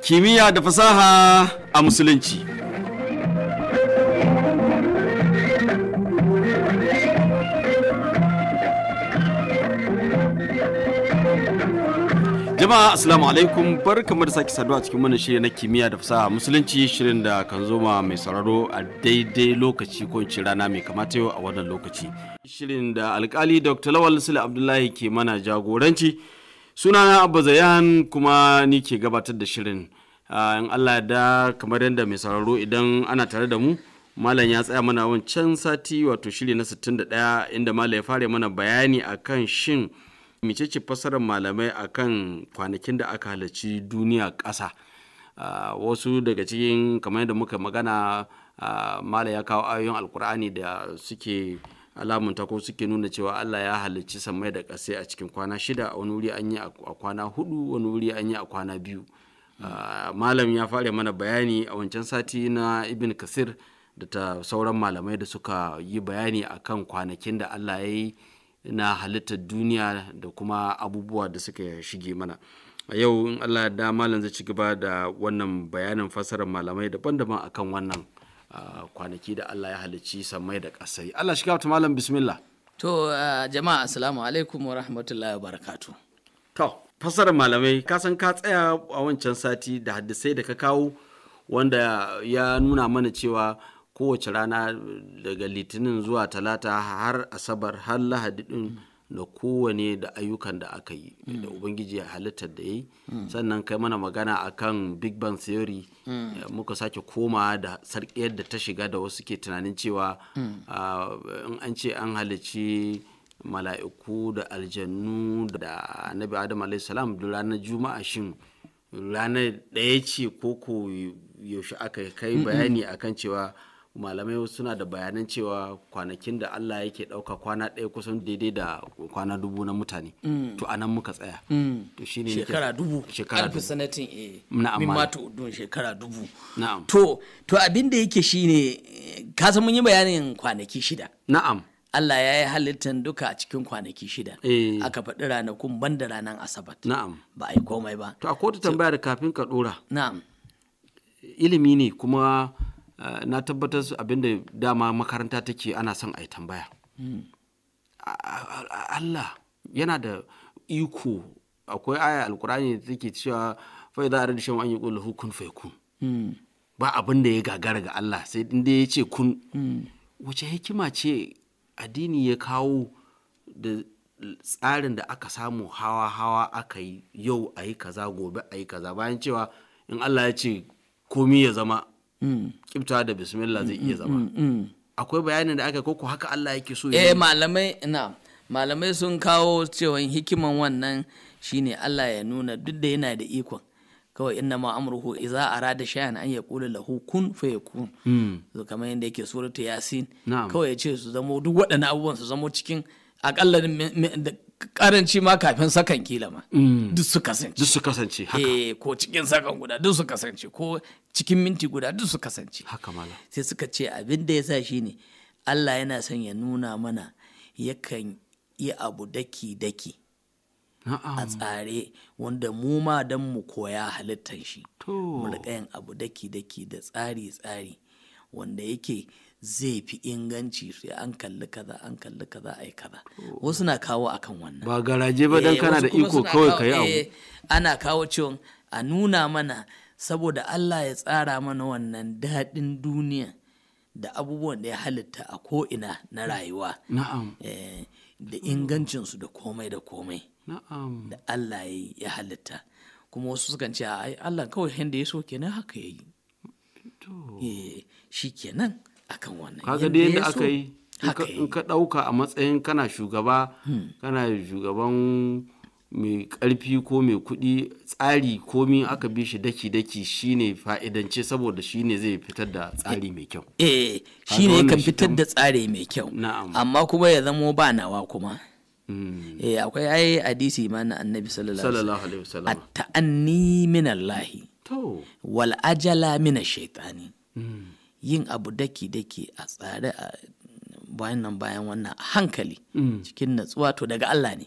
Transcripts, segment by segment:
kimiyya da fasaha a musulunci Jama'a Assalamu alaikum kamar da sake saduwa cikin wannan shirya na kimiyya da fasaha musulunci shirin da kan zo ma mai sauraro a daidai lokaci ko in rana mai kamata yau a wannan lokaci. Shirin da alkali Dr. Lawal Sule Abdullahi ke mana jagoranci sunana Abba Zayan kuma ni ke gabatar da shirin. In Allah da kamar yadda mai sauraro idan ana tare da mu Malam ya tsaya mana wancan sati wato shiri na 61 inda Malam ya fara mana bayani akan shin micece fassarar malamai akan kwanakin da aka halarci duniya ƙasa ah, wasu daga cikin kamar yadda muka magana ah, mala ya kawo ayoyin alkur'ani da suke alamunta ko suke nuna cewa allah ya halarci samai da ƙasai a cikin kwana shida a wani wuri an yi a kwana hudu wani wuri an yi a kwana biyu ah, malam ya fara mana bayani a wancan sati na ibn kasir da ta sauran malamai da suka yi bayani akan kwanakin da allah ya yi na halittar duniya da kuma abubuwa da suka shige mana a yau in allah da malam zai ci gaba da wannan bayanin fasarar malamai daban-daban akan wannan kwanaki da allah ya halicci sammai da ƙasai allah shiga wata malam bismillah to jama'a assalamu alaikum wa rahmatullahi wa barakatu to fasarar malamai ka ka tsaya a wancan sati da hadisai da ka kawo wanda ya nuna mana cewa kowace rana daga litinin zuwa talata har asabar har lahadi din da kowane da ayyukan da aka yi mm. da ubangiji ya halittar da yi mm. sannan kai mana magana akan big bang theory mm. eh, muka sake koma da sarkiyar da ta shiga da wasu ke tunanin cewa ah, in an ce an halici mala'iku da aljannu da annabi adam salam da ranar juma'a shin ranar ɗaya ce ko yaushe aka kai bayani akan cewa malamai suna da bayanan cewa kwanakin da Allah yake ɗauka kwana ɗaya kusan daidai da kwana dubu na mutane To mm. to anan muka tsaya mm. to shine shekara dubu shekara dubu sanatin eh na'am mimma to shekara dubu na'am to to abin da yake shine ka san mun yi bayanin kwanaki shida na'am Allah ya yi halittan duka a cikin kwanaki shida. Eh. Aka faɗi ranakun ban da ranar Asabar. Na'am. Ba a yi komai ba. To a kotu tambayar kafin ka ɗora. Na'am. Ilimi ne kuma Eh, na tabbatar su abinda dama makaranta take ana son a yi tambaya hmm. Allah yana da iko akwai aya alkurani da take cewa fai za a rada an yi hukun fai kun hmm. ba abinda ya gagara ga Allah sai inda ya ce kun hmm. wace hikima ce addini ya kawo da tsarin da aka samu hawa-hawa aka yi yau a yi kaza gobe a yi kaza bayan cewa in Allah ya ce komi ya zama kibta da bismillah zai iya zama mm, mm, mm. akwai bayanin da aka koko haka Allah yake so eh malamai na malamai sun kawo cewa hikiman wannan shine Allah ya nuna duk da yana da ikon kawai inna ma amruhu idza arada shay'an an yaqula lahu kun fayakun to kamar yadda yake suratu yasin kawai ya ce su zamo duk waɗannan abubuwan su zamo cikin akalla karanci ma kafin sakan kila ma mm. duk su kasance duk su kasance haka eh ko cikin sakan guda duk su kasance ko cikin minti guda duk su kasance haka mala sai suka ce abin da yasa ne Allah yana son ya nuna mana yakan yi abu daki daki a tsare wanda mu ma dan mu koya halittar shi mu riƙa yin abu daki daki da tsari tsari wanda yake zai fi inganci sai an kalli kaza an kalli kaza ai kaza oh. wasu na kawo akan wannan ba garaje ba dan eh, kana da iko kawai kai abu eh, ana kawo ciwon a nuna mana saboda Allah ya tsara mana wannan daɗin duniya da abubuwan da ya halitta a ko'ina na rayuwa eh, da ingancinsu da komai da komai da Allah ya halitta kuma wasu sukan ce ai Allah kawai hinda ya so kenan haka ya yi shi kenan akan wannan kaga dai yadda aka yi in ka ɗauka a matsayin kana shugaba hmm. kana shugaban mai ƙarfi ko mai kuɗi tsari komi aka bi shi daki-daki shine fa'idance saboda shine zai fitar da tsari mai kyau eh, eh shine kan fitar da tsari mai kyau amma kuma ya zamo ba nawa kuma hmm. eh akwai ai hadisi ma na annabi sallallahu alaihi wasallam at-ta'anni min to wal ajala min ash-shaytani hmm. yin abu daki-daki a tsare a bayan nan bayan wannan hankali mm. cikin natsuwa to daga Allah ne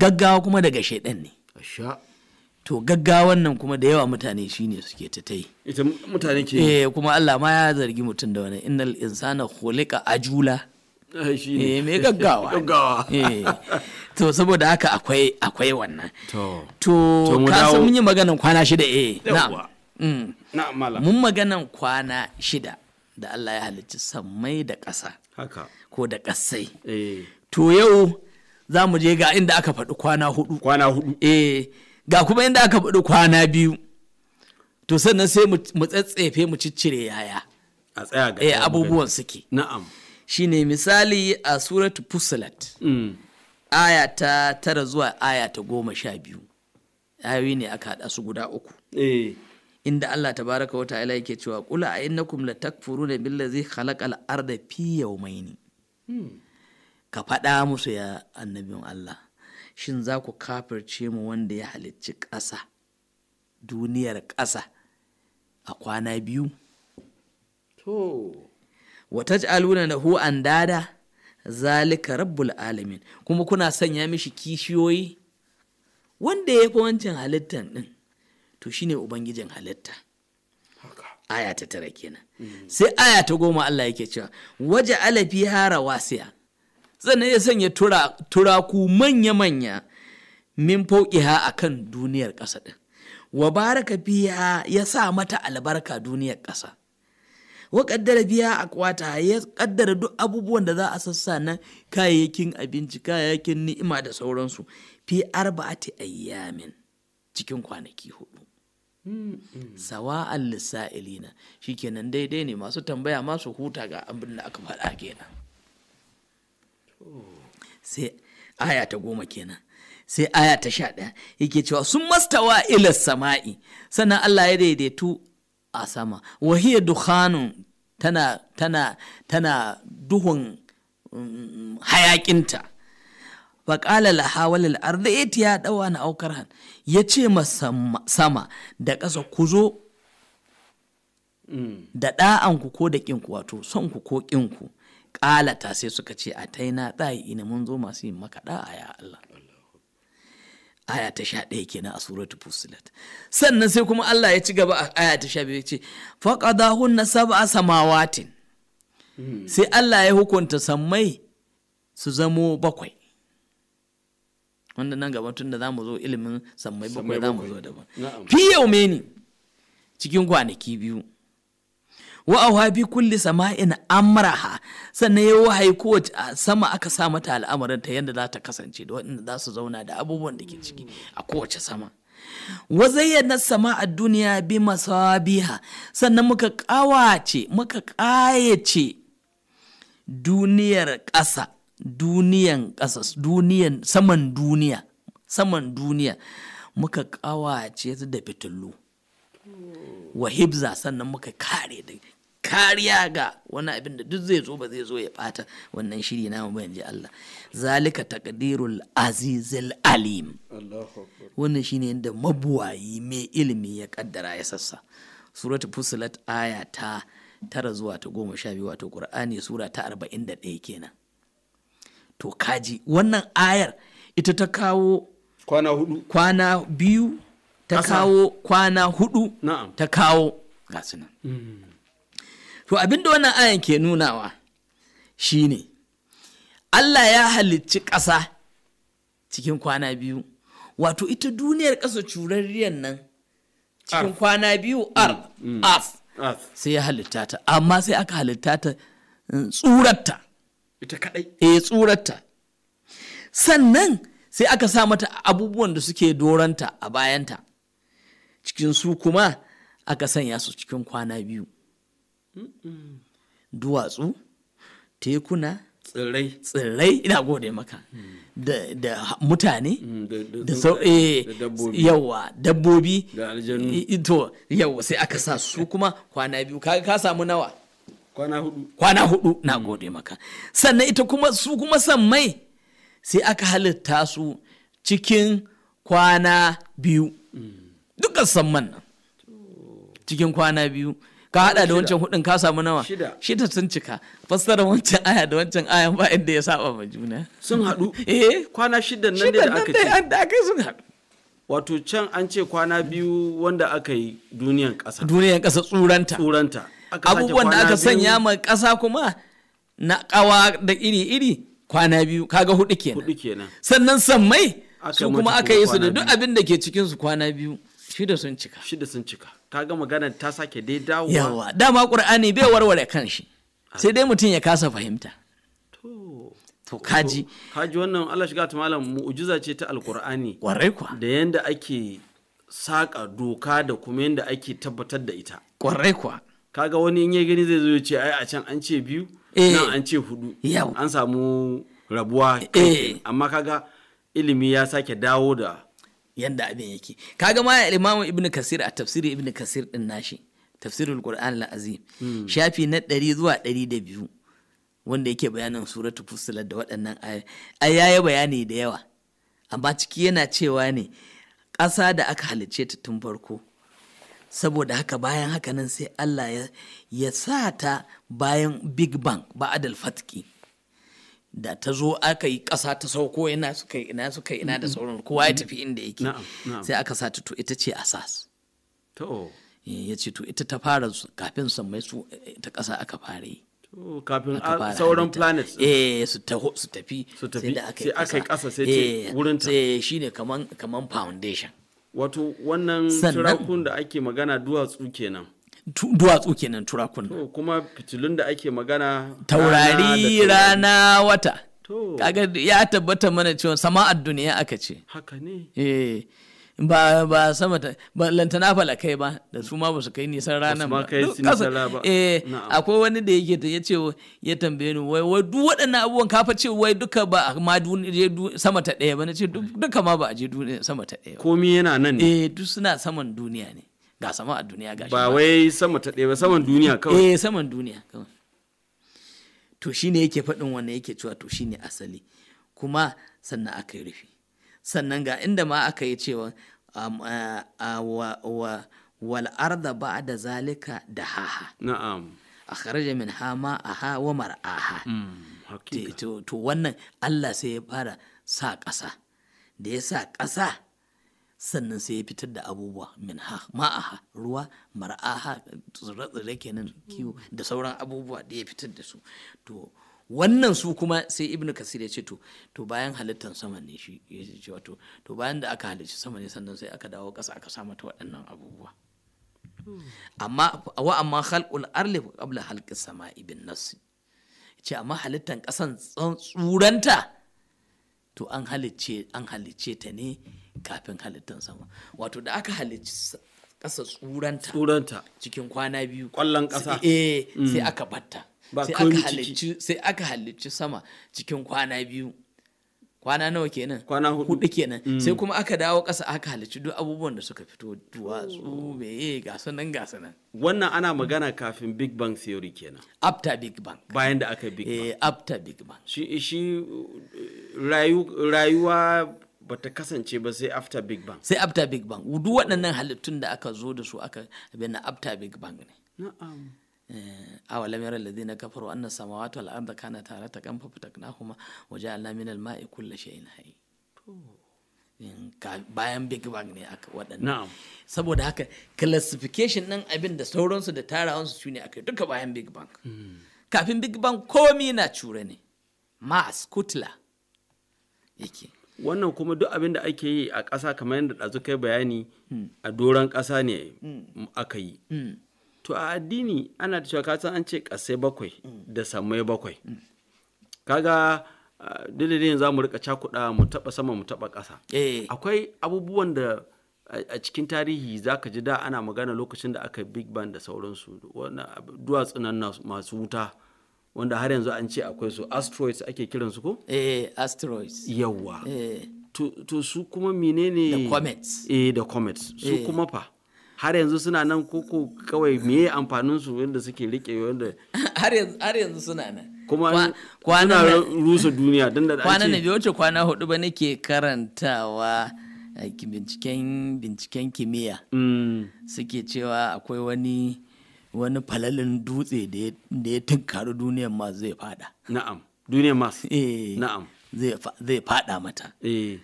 gaggawa kuma daga shaidan ne to gaggawan nan kuma da yawa mutane shine suke ta tai ita mutane ke eh kuma Allah ma ya zargi mutum da wani innal insana khuliqa ajula eh me gaggawa gaggawa eh to saboda haka akwai akwai wannan to to ka san mun yi maganan kwana shida eh na'am Mm. mun maganan kwana shida da Allah ya halicci sammai da ƙasa ko da ƙasai eh. to yau za mu je ga inda aka faɗi kwana hudu kwana hudu eh ga kuma inda aka faɗi kwana biyu to sannan sai mu tsatsefe mu ciccire yaya a tsaya ga eh, abubuwan suke na'am ne misali a suratu fusilat mm. aya ta tara zuwa aya ta goma sha biyu ayoyi ne aka haɗa su guda uku eh. inda Allah ta baraka wata ta'ala yake cewa qul a innakum latakfuruna billazi khalaqal arda fi ni. Hmm. ka faɗa musu ya annabin Allah shin za ku kafirce mu wanda ya halicci ƙasa duniyar ƙasa a kwana biyu to wata aluna na hu an dada zalika rabbul alamin kuma kuna sanya mishi kishiyoyi wanda ya fi wancan halittan din to shine ubangijin halitta aya ta tara kenan sai aya ta goma Allah yake cewa waje alafi hara wasiya sannan ya sanya turaku manya-manya min fauƙiha a kan duniyar ƙasa ɗin wa baraka fiya ya sa mata albarka duniyar ƙasa wa ƙaddara biya a kwata ya ƙaddara duk abubuwan da za a sassa na kayayyakin abinci kayayyakin ni'ima da sauransu fi arba'ati ayyamin cikin kwanaki hudu sawa'an lissa'ilina shikenan daidai ne masu tambaya masu huta ga abin da aka faɗa kenan sai aya ta goma kenan sai aya ta sha ɗaya yake cewa sun mastawa ila sama'i sannan Allah ya daidaitu a sama wahiyar duhanun tana tana tana duhun mm, mm, mm, hayakinta faƙala laha walil ardi ya dawa na aukar han ya ce ma sama da ƙasa ku zo mm. da ɗa'anku ko da ƙinku wato son ku ko ƙinku ƙalata sai suka ce a taina ɗaya ina mun zo masu yin maka ɗa'a ya Allah aya ta sha ɗaya kenan a suratu fusilat sannan sai kuma Allah ya ci gaba a aya ta sha biyu ce faqadahunna sab'a samawatin mm. sai Allah ya hukunta sammai su zamo bakwai wanda nan gaba tun da za mu zo ilimin sammai bakwai za mu zo daban fi yaume ne cikin kwanaki biyu wa bi kulli sama'in amraha sannan ya wahayi kowace sama aka sa mata al'amarin ta yadda za ta kasance da waɗanda za su zauna da abubuwan da ke ciki a kowace sama wa zayyana sama a duniya bi masabiha sannan muka kawace muka kayace duniyar ƙasa duniyan ƙasas duniyan saman duniya saman duniya muka ƙawace su da fitilu wa hibza sannan muka kare da kariya ga wani abin da duk zai zo ba zai zo ya bata wannan shiri na mu ji Allah zalika taqdirul azizul alim wannan shine yadda mabuwayi mai ilimi ya kaddara ya sassa suratul fusilat aya ta tara zuwa ta 12 wato qur'ani sura ta arba'in da ɗaya kenan to kaji wannan ayar ita ta kawo kwana hudu kwana biyu ta kawo kwana hudu ta kawo ga to abinda wannan ayan ke nunawa shine Allah ya halicci ƙasa cikin kwana biyu wato ita duniyar ƙasa curarriyar nan cikin kwana biyu mm, ar mm. sai ya halitta ta amma sai aka halitta ta mm, tsurarta ita kadai eh tsurarta sannan sai aka sa mata abubuwan da suke doranta a bayanta cikin su kuma aka sanya su cikin kwana biyu duwatsu tekuna tsirrai tsirrai ina gode maka mm. da mutane mm, da yawa eh, dabbobi ito yawa sai aka sa su kuma kwana biyu ka samu nawa kwana hudu na gode maka sannan ita kuma su kuma sammai sai aka halitta su cikin kwana biyu mm. dukkan samman nan cikin kwana biyu ka hada da wancan hudun ka samu nawa shida sun cika fassara wancan aya da wancan aya ba inda ya saba ma juna sun hadu eh kwana shida nan da aka ce da aka sun hadu wato can an ce kwana biyu wanda aka yi duniyan kasa duniyan kasa tsuranta tsuranta abubuwan da aka sanya ma ƙasa kuma na ƙawa da iri-iri kwana biyu kaga hudu kenan sannan sammai su kuma aka yi su da duk abin da ke cikin su kwana biyu shida sun cika shida sun cika kaga maganar ta sake dai dawowa yawa dama qur'ani bai warware kanshi sai dai mutum ya kasa fahimta to kaji kaji wannan Allah shiga ta malam mu'jiza ce ta alqur'ani kwarai kwa da yanda ake saka doka da kuma yanda ake tabbatar da ita kwarai kwa kaga wani in ya gani zai zo ya ce ai a can an ce biyu eh. nan an ce hudu an samu rabuwa eh. amma kaga ilimi ya sake dawo da Yanda abin yake kaga ma imamu ibn kasir a tafsirin ibn kasir din nashi tafsirul qur'an al-azim hmm. shafi na 100 zuwa 102 wanda yake bayanin suratu fussilat da waɗannan ai yi bayani da yawa amma ciki yana cewa ne ƙasa da aka halicce ta tun farko saboda haka bayan haka nan sai Allah ya sa ta bayan big bang ba adal fatki da ta zo aka yi ƙasa ta sauko ina suka ina suka ina da sauran kowa ya tafi inda yake sai aka sa ta to ita ce asas to eh, ya ce to ita ta fara kafin mai su eh, ta ƙasa aka fara yi kafin sauran planets eh su taho su tafi sai da aka yi ƙasa sai ce wurin ta eh, shi shine kaman kaman foundation wato wannan turakun da ake magana duwatsu kenan duwatsu kenan turakun to kuma fitilun da ake magana taurari rana wata kaga ya tabbata mana cewa sama'ar duniya aka ce haka ne eh ba ba sama ta ba lantana kai ba da su ma ba su kai nisan ranar ba eh akwai wani da yake ta yace ya tambaye ni wai wai duk waɗannan abubuwan ka fa ce wai duka ba a ma duniya sama ta ɗaya ba na ce duka ma ba a je duniya sama ta ɗaya komai yana nan ne eh duk suna saman duniya ne ga sama a duniya gashi ba wai sama ta ɗaya ba saman duniya kawai eh saman duniya kawai to shine yake faɗin wannan yake cewa to shine asali kuma sannan aka yi rufi sannan ga inda ma aka yi cewa um, wal arda ba da zalika da haha na'am a kharaja min hama aha wa mar'aha mm, to wannan Allah sai ya fara sa ƙasa da ya sa ƙasa sannan sai ya fitar da abubuwa min ha ma'aha ruwa mar'aha tsire-tsire kenan kiwo da sauran abubuwa da ya fitar da su to wannan su kuma sai ibnu kasir ya ce to to bayan halittar sama ne shi ya ce wato to bayan da aka halicci sama ne sannan sai aka dawo ƙasa aka sa mata waɗannan abubuwa amma wa amma khalqul arli qabla halqi sama'i bin nas ce amma halittar ƙasan tsuranta to an halicce an halicce ta ne kafin halittar sama wato da aka halicci ƙasa tsuranta tsuranta cikin kwana biyu ƙwallon ƙasa eh sai aka batta sai aka halicci sai aka halicci sama cikin kwana biyu kwana nawa kenan kwana hudu kenan mm. sai kuma aka dawo kasa aka halicci duk abubuwan da suka fito duwatsu meye gasa nan gasa nan wannan ana magana kafin big bang theory kenan after big bang bayan da aka big eh, bang eh after big bang shi shi rayuwa bata kasance ba sai after big bang sai after big bang duk waɗannan halittun da aka zo da su aka abin na after big bang ne na'am Eh, awalam yara alladhina kafaru anna samawati wal arda kana taratakan fa fataknahuma wa ja'alna min al ma'i kulli shay'in hayy bayan big bang ne aka waɗanda saboda haka classification ɗin abin da sauransu da tarawansu su ne aka duka bayan big bang hmm. kafin big bang komi na cure ne mars kutla yake wannan kuma duk abin da ake yi a ƙasa kamar yadda ɗazu kai bayani hmm. a doron ƙasa ne hmm. aka yi to a addini ana da cewa kasan an ce kasai bakwai da samai bakwai kaga duk da za mu rika cakuɗa mu taɓa sama mu taɓa ƙasa eh. akwai abubuwan da a cikin tarihi za ka ji da ana magana lokacin da aka big band da sauransu duwatsu nan masu wuta wanda har yanzu an ce akwai su asteroids ake kiransu ko? eh asteroids yawwa eh. to su kuma menene da comets eh da comets su eh. kuma fa har yanzu suna nan koko kawai me amfanin su wanda suke rike wanda har yanzu suna nan kuma kwana rusa duniya don da kwana na biyu wuce kwana hudu ba nake karantawa eh, binciken binciken kimiyya mm. suke cewa akwai wani wani falalin dutse da ya tunkaru duniyar ma zai fada na'am duniyar ma eh. na'am zai fada mata eh.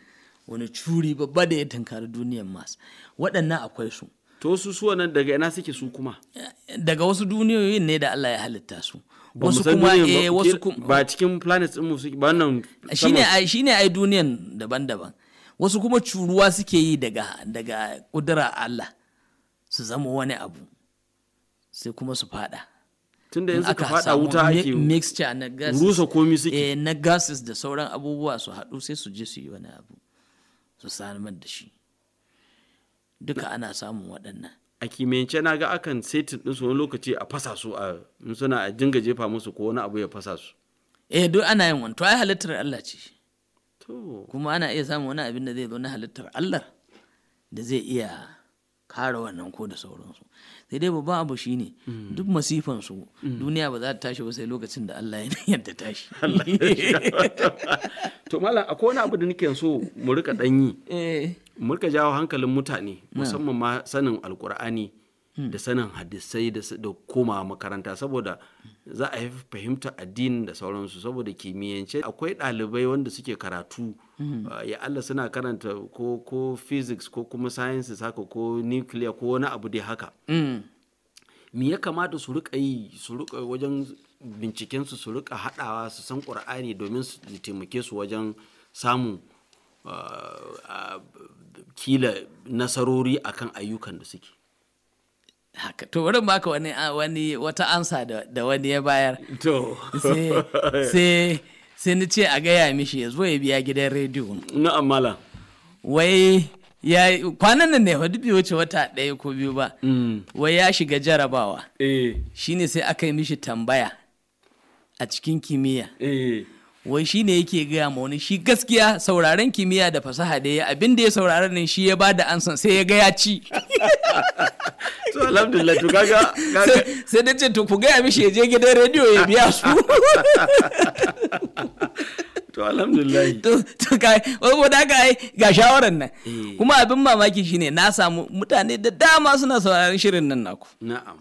wani curi babba da ya tunkari duniyar ma waɗannan akwai su to su su nan daga ina suke su kuma daga wasu duniyoyin ne da Allah ya halitta su wasu kuma eh wasu kuma ba cikin planets din mu suke ba nan shine ai shine ai duniyan daban-daban wasu kuma curuwa suke yi daga daga kudura Allah su zama wani abu sai kuma su fada tunda yanzu ka fada wuta ake mixture na gas rusa komi suke eh na gases da sauran abubuwa su haɗu sai su je su yi wani abu su samar da shi duka ana samun waɗannan a kimiyyance na ga akan setin ɗin su wani lokaci a fasa su a suna a dinga jefa musu ko wani abu ya fasa su eh duk ana yin wani to ai halittar Allah ce kuma ana iya samun wani abin da zai zo na halittar Allah da zai iya kara wannan ko da sauransu sai dai babban abu shi ne hmm. duk masifansu hmm. duniya ba za ta tashi ba sai lokacin da Allah ya yadda tashi to malam akwai wani abu da nake so mu rika danyi eh. mu rika jawo hankalin mutane musamman ma sanin alkur'ani Mm. da sanin hadisai da koma makaranta saboda za a haifi fahimta addinin da sauransu saboda kimiyyance akwai ɗalibai wanda suke karatu mm. ah, ya Allah suna karanta ko ko physics ko kuma sciences haka ko nuclear ko wani abu dai haka mm. me ya kamata su rika yi su rika wajen binciken su su rika haɗawa su san ƙur'ani domin su taimake su wajen samun ah, ah, kila nasarori akan ayyukan da suke haka to wurin baka wani wani wata ansa da, wani ya bayar to sai sai ni ce a gaya mishi ya zo ya biya gidan rediyo na amala wai ya kwanan nan ne fa duk wuce wata daya ko biyu ba mm. wai ya shiga jarabawa eh. shine sai aka yi mishi tambaya a cikin kimiyya eh. wai shi yake gaya ma wani shi gaskiya sauraren kimiyya da fasaha da ya abin ya sauraren nan shi ya ba da ansan sai ya gaya ci to alhamdulillah to kaga sai da ce to ku gaya mishi ya je gidan rediyo ya biya su to alhamdulillah to to kai mu da ka ga shawaran nan eh. kuma abin mamaki shine na samu mutane da dama suna sauraron shirin nan naku na'am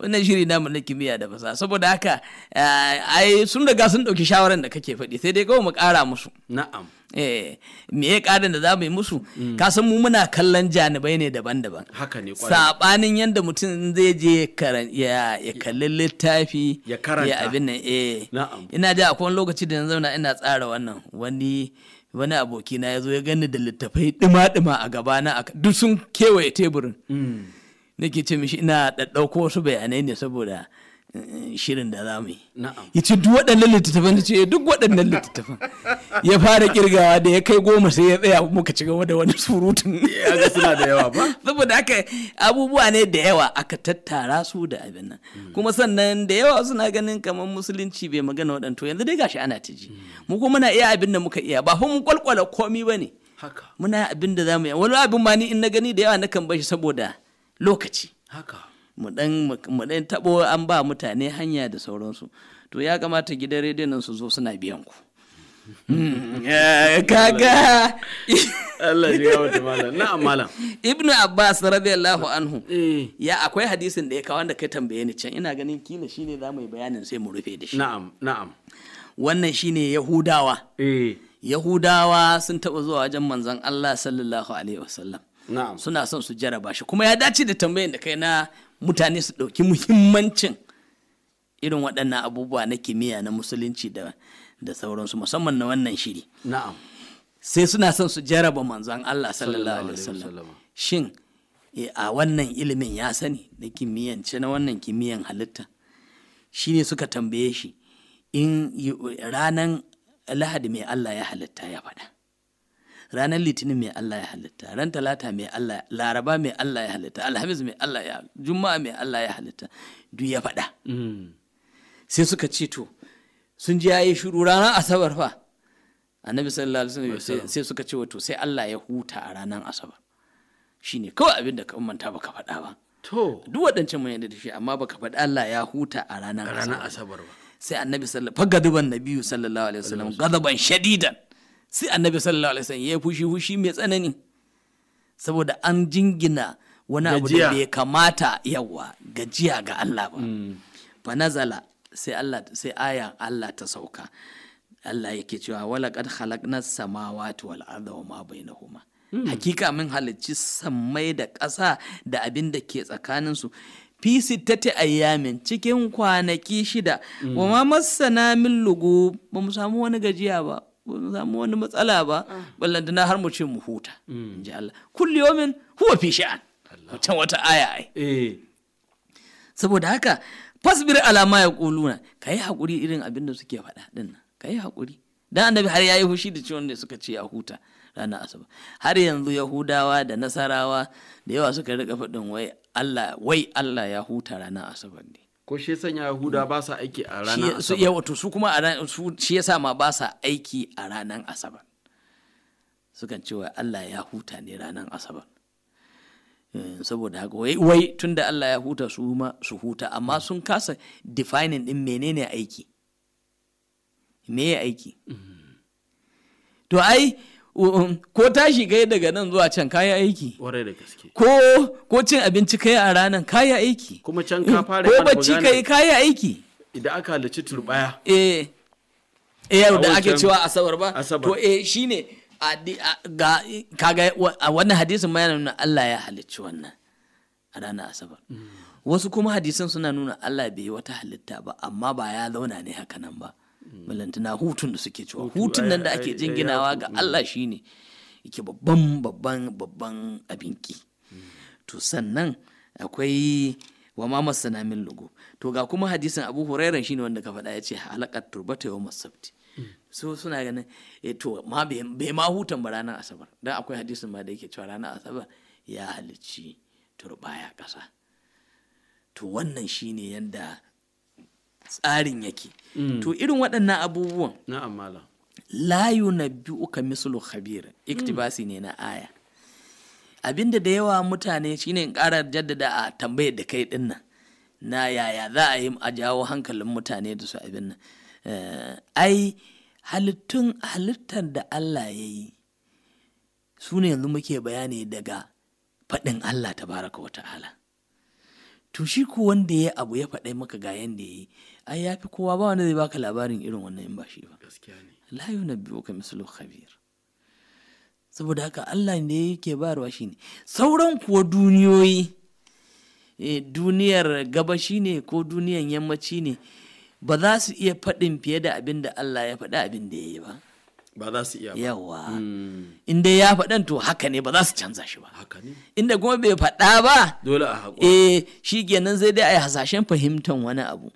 wannan shiri namu na kimiyya da fasa, saboda haka eh, ai sun daga sun ɗauki shawaran da kake faɗi sai dai kawai mu ƙara musu na'am eh me ya ƙarin da za mu yi musu mm. ka san mu muna kallon janibai ne daban-daban haka ne sabanin yanda mutum zai je ya kalli littafi ya karanta ya abin nan eh na'am ina da akwai lokaci da na zauna ina tsara wannan wani wani abokina ya zo ya gani da littafai dima-dima a gabana duk sun kewaye teburin mm. nake ce mishi ina ɗauko wasu bayanai ne saboda eh, shirin da za mu yi. Ya ce duk waɗannan littattafan da ce eh, duk waɗannan littattafan ya fara kirgawa da ya kai goma sai ya tsaya muka ci gaba da wani surutun. Ya suna da yawa ba. Saboda haka abubuwa ne da yawa aka tattara su da abin nan. Hmm. Kuma sannan da yawa suna ganin kamar musulunci bai magana waɗanto yanzu dai gashi ana ta ji. Hmm. Mu kuma muna iya abin da muka iya ba fa mu kwalkwala komi ba ne. Muna abin da za mu yi wani abin ma ni in na gani da yawa na kan bashi saboda. lokaci haka mu ɗan taɓo an ba mutane hanya da sauransu to ya kamata gidan rediyon nan su zo suna biyan ku hmm. eh, kaga Allah ya da malam na'am malam Ibn Abbas radiyallahu anhu eh. ya akwai hadisin da ya kawo da kai tambaye ni can ina ganin kila shine za mu yi bayanin sai mu rufe da shi na'am na'am wannan shine Yahudawa eh. Yahudawa sun taɓa zuwa wajen manzon Allah sallallahu alaihi wasallam suna son su jaraba shi kuma ya dace da tambayin da kai na mutane su ɗauki muhimmancin irin waɗannan abubuwa na kimiyya na musulunci da da sauransu musamman na wannan shiri na'am sai suna son su jaraba manzon Allah sallallahu alaihi wasallam shin eh, a wannan ilimin ya sani da kimiyyance na wannan kimiyyan halitta shine suka tambaye shi in ranan lahadi mai Allah ya halitta ya faɗa ranar litinin mai Allah ya halitta ran talata mai Allah laraba mai Allah ya halitta alhamis mai Allah ya juma'a mai Allah ya halitta duk ya faɗa mm. sai suka ce to sun ji yayi shiru ranar asabar fa annabi sallallahu alaihi wasallam sai suka ce to sai Allah ya huta a ranar asabar shine kawai abin da ka manta baka faɗa ba to duk waɗancan mun yadda da shi amma baka faɗa Allah ya huta a ranar asabar ba sai annabi sallallahu fagaduban nabiyyu sallallahu alaihi wasallam gadaban shadidan sai annabi sallallahu alaihi wasallam ya fushi fushi mai tsanani saboda an jingina wani abu da bai kamata yawa gajiya ga Allah ba hmm. fa nazala sai Allah sai aya Allah ta sauka Allah yake cewa wala qad khalaqna samawati wal arda wa ma bainahuma hmm. hakika mun halicci sammai da ƙasa da abin da ke tsakaninsu fi sittati ayyamin cikin kwanaki shida hmm. wa ma masana min lugu ba mu samu wani gajiya ba mu samu wani matsala ba ah. ballantana har mu ce mu huta mm. in ji Allah kulli yawmin huwa fi sha'an wata aya ai eh. saboda haka fasbir alama ya yaquluna ka yi hakuri irin abin da suke faɗa din nan ka yi dan annabi har ya yi fushi da cewa da suka ce a huta ranar asabar har yanzu yahudawa da nasarawa da yawa suka rika faɗin wai Allah wai Allah ya huta ranar asabar ne ko shi yasa yahuda mm. ba sa aiki a ranar asabar to su kuma a su shi yasa ma ba sa aiki a ranar asabar sukan cewa Allah ya huta ne ranar asabar eh, saboda haka wai wai da Allah ya huta su ma su huta amma mm. sun kasa defining din menene aiki me aiki mm. to ai Um, ko tashi kai daga nan zuwa can kaya aiki ko cin abinci kai a ranan kaya aiki kuma can ka fara ko bacci kai kaya aiki idan aka halarci turbaya eh eh da ake cewa asabar ba to eh shine ga kaga a wannan hadisin ma yana nuna Allah ya halicci wannan a ranar asabar mm. wasu kuma hadisan suna nuna Allah bai yi wata halitta ba amma ba ya zauna ne haka nan ba balantana hutun da suke cewa hutun nan da eh, ake eh, jinginawa ga Allah shi ne yake babban babban babban abinki to sannan akwai wa ma masana min lugu to ga kuma hadisin Abu shi shine wanda ka faɗa yace halakar turbata yau as so suna ganin e to ma bai ma hutan ba ranar asabar dan akwai hadisin ma da yake cewa ranar asabar ya halicci turbaya ƙasa to wannan shine yadda tsarin yake mm. to irin waɗannan abubuwan layu na biyu ka mislu khabir iktibasi ne na aya abinda da yawa mutane shine in ƙara jaddada a tambayar da kai ɗin nan na yaya za a yi a jawo hankalin mutane da su abin nan eh, ai halittun halittar da Allah ya yi su ne yanzu muke bayani daga faɗin Allah tabaraka wa ta'ala to shi ku wanda ya abu ya faɗa maka ga yanda yi ai ya fi kowa ba wanda zai baka labarin irin wannan in ba shi ba layu na biyu ka khabir saboda haka Allah ne yake bayarwa shi ne sauran kuwa duniyoyi eh, duniyar gabashi ne ko duniyar yammaci ne ba za su iya faɗin fiye da abin da Allah ya faɗi abin da ya yi ba ba za su iya ba yawa hmm. in dai ya faɗan to haka ne ba za su canza shi ba haka ne inda kuma bai faɗa ba dole a haƙura eh shi kenan zai dai a yi hasashen fahimtar wani abu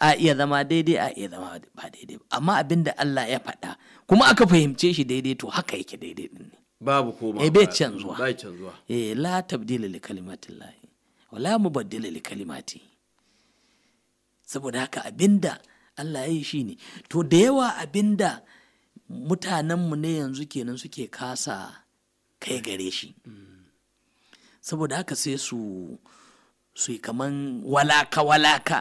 a iya zama daidai a iya zama ba daidai amma abin da Allah ya faɗa kuma aka fahimce shi daidai to haka yake daidai din ne babu koma eh bai canzuwa bai canzuwa eh la tabdila li kalimatillahi wala mubaddila li kalimati saboda haka abinda Allah ya yi shi ne to da yawa abinda mutanenmu ne yanzu kenan suke kasa kai gare shi saboda haka sai su su yi kaman walaka-walaka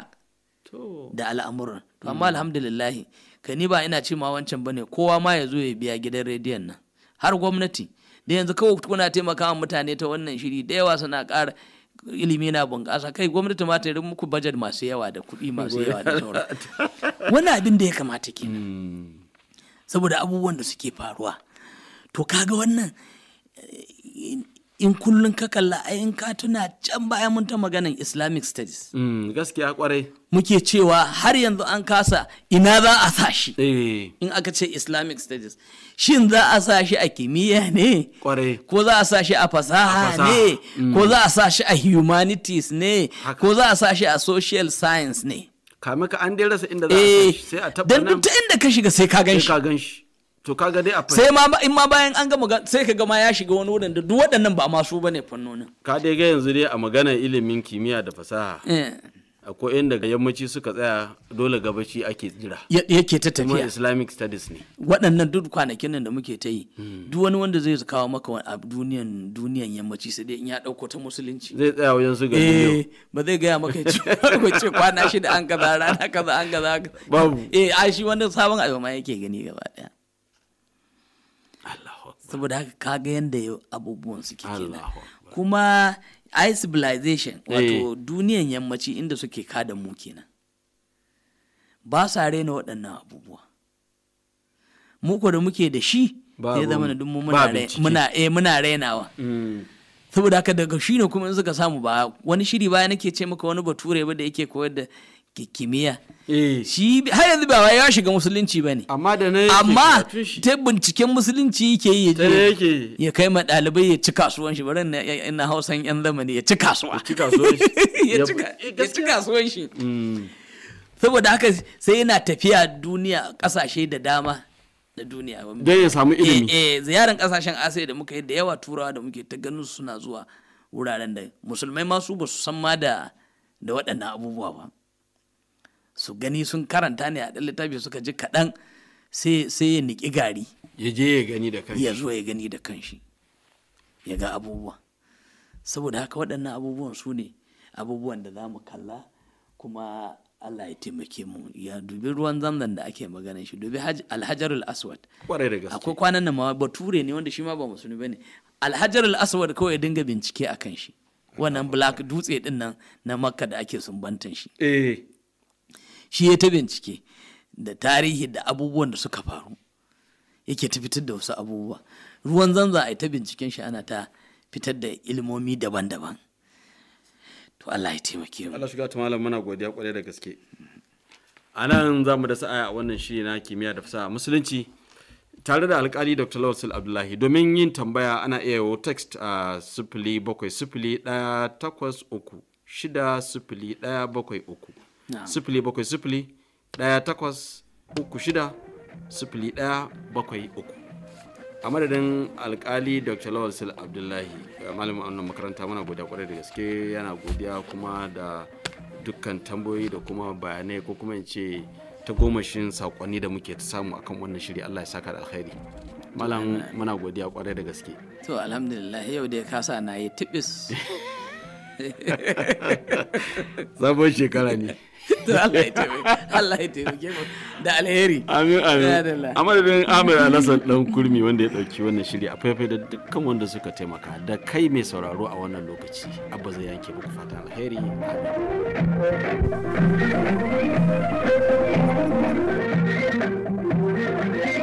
da al'amuran to amma mm. alhamdulillahi ka ni ba ina ce ma wancan bane kowa ma ya zo ya biya gidan rediyon nan har gwamnati da yanzu kawai kuna taimakawa mutane ta wannan shiri da yawa suna ƙara ilimi na bunƙasa kai gwamnati ma ta yi muku bajet masu yawa da kuɗi masu yawa da sauran wani abin da ya kamata kenan mm. saboda abubuwan da suke faruwa to kaga wannan eh, in kullum ka kalla a in ka tuna can baya mun ta maganan islamic studies mm, gaskiya kwarai muke cewa har yanzu an kasa ina za a sa shi eh. in aka ce islamic studies shin za a sa shi a kimiyya ne kwarai ko za a sa shi a fasaha ne ko mm. za a sa shi a humanities ne ko za a sa shi a social science ne kame ka an dai rasa inda za a eh, sai a taba nan dan duk inda ka shiga sai ka ganshi sai ka ganshi to kaga dai a sai ma in ma bayan an gama sai ka gama ya shiga wani wurin da duk waɗannan ba ma su bane fannonin ka dai ga yanzu dai a maganar ilimin kimiyya da fasaha eh. akwai inda yammaci suka tsaya dole gabaci ake jira yake ta tafiya kuma islamic studies ne waɗannan duk kwanakin nan da muke ta yi hmm. duk wani wanda zai kawo maka a duniyan duniyan yammaci sai dai in ya ɗauko ta musulunci zai tsaya wajen su gani eh, ba zai gaya maka ya ce kwana shida an gaza rana kaza an gaza. babu eh a shi wani sabon abu ma yake gani gaba ɗaya saboda haka kaga yanda abubuwan suke kenan kuma i civilization wato eh. duniyan yammaci inda suke kada mu kenan ba sa rena waɗannan abubuwa muku da muke da shi ya zama da mu muna rainawa eh, mm. saboda haka daga shi ne kuma in suka samu ba wani shiri baya nake ce maka wani bature ba da yake koyar da kimiyya eh. shi har yanzu ba ya shiga musulunci ba ne amma da ne amma ta binciken musulunci yake yi ya kai ma ɗalibai ya ci kasuwan shi bari ina hausan yan zamani ya ci kasuwa ya ci kasuwan shi saboda haka sai yana tafiya duniya kasashe da dama da duniya don ya samu eh, ilimi eh ziyaran kasashen asiya da muka yi da yawa turawa da muke ta ganin suna zuwa wuraren da musulmai ma su ba su san ma da waɗannan abubuwa ba su gani sun karanta ne a ɗan littafi suka ji kaɗan sai ya niƙi gari ya je ya gani da kanshi ya zo ya gani da kanshi ya ga abubuwa saboda haka waɗannan abubuwan su ne abubuwan da za mu kalla kuma Allah ya taimake mu ya dubi ruwan zamzam da ake maganin shi dubi alhajarul aswad kwarai da gaske akwai kwanan nan ma bature ne wanda shi ma ba musulmi bane alhajarul aswad kawai dinga bincike akan shi wannan black dutse din nan na makka da ake sumbantan shi eh shi ya ta bincike da tarihi da abubuwan da suka faru yake ta fitar da wasu abubuwa ruwan zanza a ta binciken shi ana ta fitar da ilmomi daban-daban to Allah ya taimake mu Allah shiga ta malam muna godiya kwarai da gaske a zamu za mu da sa'a a wannan shi na kimiyya da fasaha musulunci tare da alkali dr lawsul abdullahi domin yin tambaya ana iya yawo text a sifili bakwai sifili ɗaya takwas uku shida sifili ɗaya bakwai uku sifili bakwai sifili ɗaya takwas uku shida sifili ɗaya bakwai uku a madadin alkali dr lawal sil abdullahi malamin annan makaranta mana godiya kwarai da gaske yana godiya kuma da dukkan tambayoyi da kuma bayanai ko kuma in ce ta gomashin sakonni da muke ta samu akan wannan shiri allah ya saka da alkhairi malam muna godiya kwarai da gaske to alhamdulillah yau da ya kasa na yi tibis sabon shekara ne Allah ya taimake mu da alheri amin amin a madadin amir alasan dan kurmi wanda ya dauki wannan shiri a faifai da dukkan wanda suka taimaka da kai mai sauraro a wannan lokaci abba zai yanke muku fata alheri amin